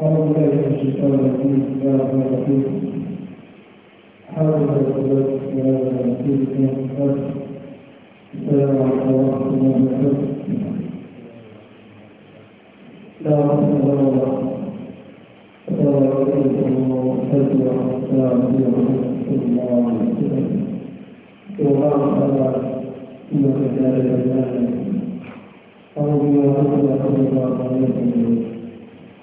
أعوذ بالله من الشيطان الرجيم بسم الله الرحمن الرحيم الحمد لله والصلاة والسلام على عليكم ورحمة الله وبركاته لا حول ولا قوة إلا بالله السلام عليكم ورحمة الله وبركاته وقال تعالى إنك لا إله إلا أنت أعوذ بالله من الشيطان الرجيم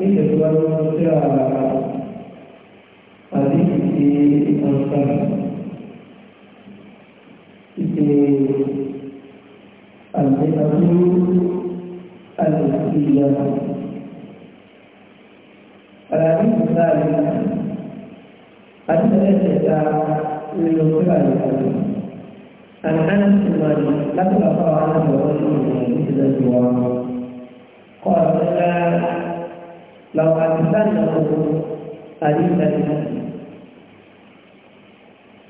Ini baru manusia tadi di Alkitab. Ini Alkitab Al-Qiyam. Tadi kita lihat. Tadi saya cerita Anak-anak semua ini, kata-kata orang-orang ini sudah tua bahwa kita dalam hari dari nanti.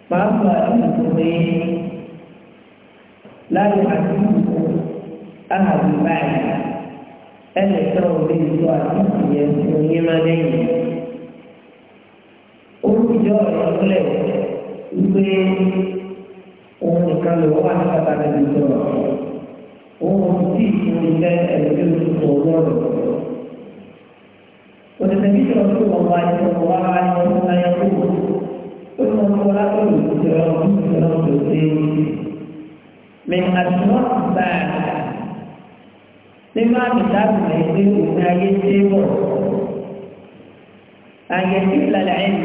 Bahwa ini boleh lalu hati ahad baik elektronik suatu yang punya mana ini. Urut jauh yang boleh ube ini kalau orang kata dengan jauh. Oh, si punya elektronik suatu سمعت رسول الله صلى الله عليه وسلم يقول ان ثم صلاة من أسماء الساعة مما كتاب ما يقول أن أن يسل العلم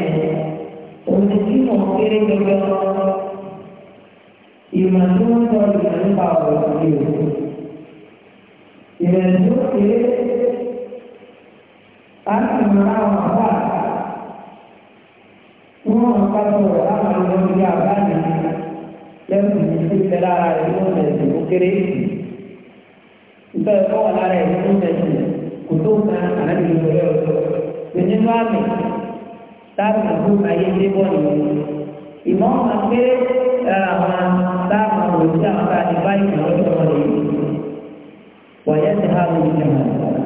ونسيم غير الجبر يمنون ويمنون بعض الأمور يمنون tapi merawat semua satu orang yang menjalani yang menjadi pelajar itu menjadi mukerin. Jadi orang lain itu menjadi kutukan anak itu beliau. Menyebab tak mampu bayi di bawah ini. Imam akhir dalam tak mampu jaga di bayi di bawah ini. Wajah harus dijaga.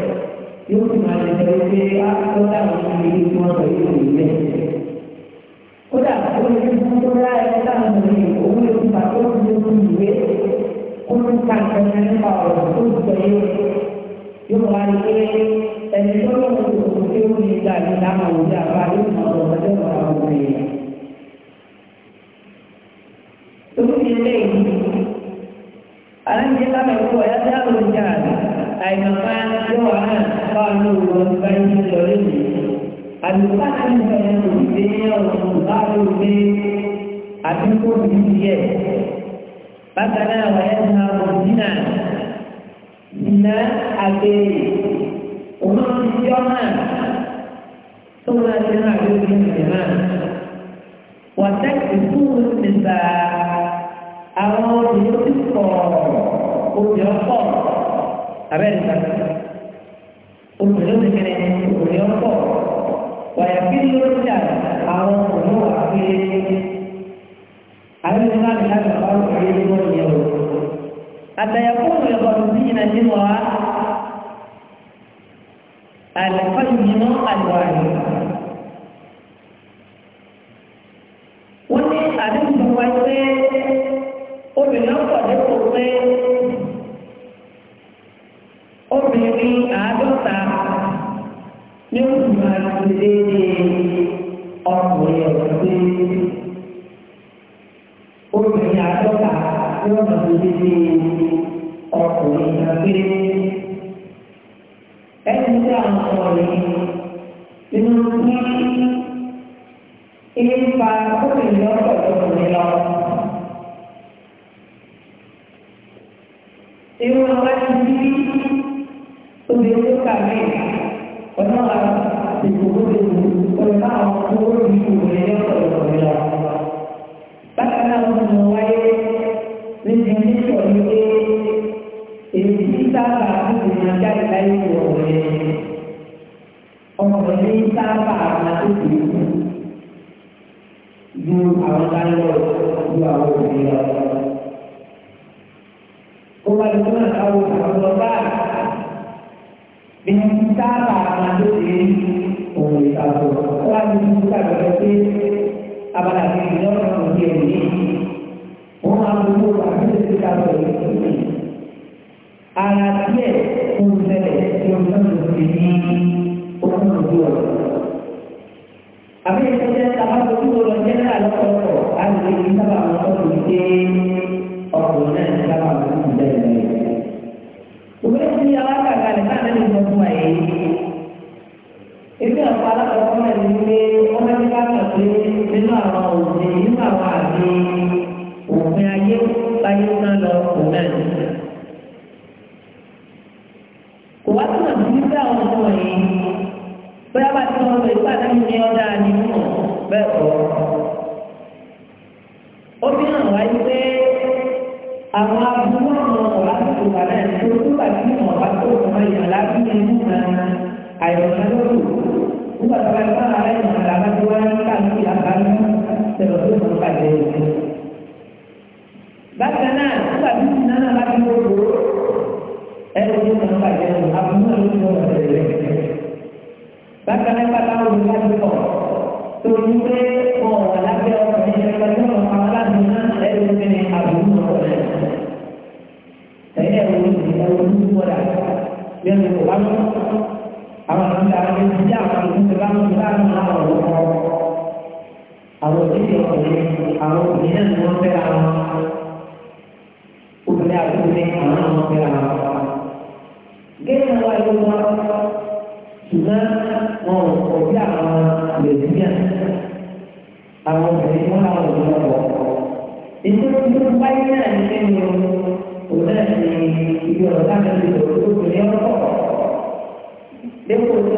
yóò sì máa lè sọ pé akọ́dà òun ni ibi tí wọ́n sọ yìí lè bẹ̀. kódà ó lè fi fún tó rá ẹ láwọn ọmọ yìí owó lè fi bàtọ́ tó lè fi ìwé ó ń ka nǹkan kan nípa ọ̀rọ̀ tó ń sọ yìí yóò wá rí pé ẹni tó lọ́wọ́ tó kò tó ń lè gbà ní láwọn òun àbá yóò mọ ọ̀rọ̀ ọjọ́ ìwà àwọn ọmọ yìí. lórí ilé yìí aláǹdí lábẹ́ òkú ọ̀yá dáhùn ìjà àìmọ̀ká yóò wá náà. قالوا من بين العلم المتعلم بين الدين والمضار به أتكون بالدين مثلا ويذهب الزنا زنا أبي ومن الجمال ثم الجماع يؤذن الجمال وتكسور النساء أو يسقط أو يقر أبدا obìnrin nìkẹ́ni obìnrin ọ̀pọ̀ wàyàfi lóríṣà àwọn òun wà pé àwọn ìlú láti láti bá òun yé ní wọ́n yẹ o. àtàyàfó òun ẹ̀kọ́ tó ti yìnbọn nínú wa àlẹ́kọ́ ìyìnbọn àlùwàlù. wọ́n ní àdéhùn tó wáyé pé obìnrin ọ̀pọ̀ dẹ́kun pé. Ibu bapa ibu, tujuh tukar في قلوبهم náà wọ́n Ọmọ ní ọba bí sábà. pé pé nínú àwọn òfin nínú àwọn àti òfin ayé láyé náà lọ kò náà kò wá túnà sí wípé àwọn ọmọ yìí bóyá bá ti wọn ní ọjà bẹ́ẹ̀ kọ́. ó fi hàn wáyé pé àwọn abúlé ọmọ ọ̀rá tuntun wà náà ní ojú àti ìmọ̀ tó kọ́ ìyàrá bí inú náà Ustaz Rasa ada yang mengalami dua yang akan terlalu berkaji. Bagaimana Ustaz Bina lagi berkaji? Eh, dia berkaji. Abu Nur itu berkaji. Bagaimana Pak Tahu Bina berkaji? Tunggu yang dikurangkan apa benda yang sejak itu terlalu besar melalui lupa? Aku tidak tahu. Aku tidak mahu terang. Untuk aku tidak mahu terang. Kenapa itu malu? Sudah mau objek lebihnya. Aku tidak mahu lupa. Itu itu baik.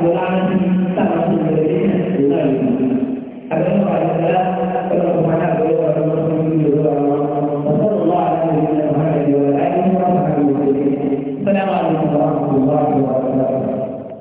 perjalanan sama sebenarnya sudah itu. Ada orang ada kalau mana boleh orang orang itu orang Rasulullah Sallallahu Alaihi Wasallam. Assalamualaikum warahmatullahi wabarakatuh.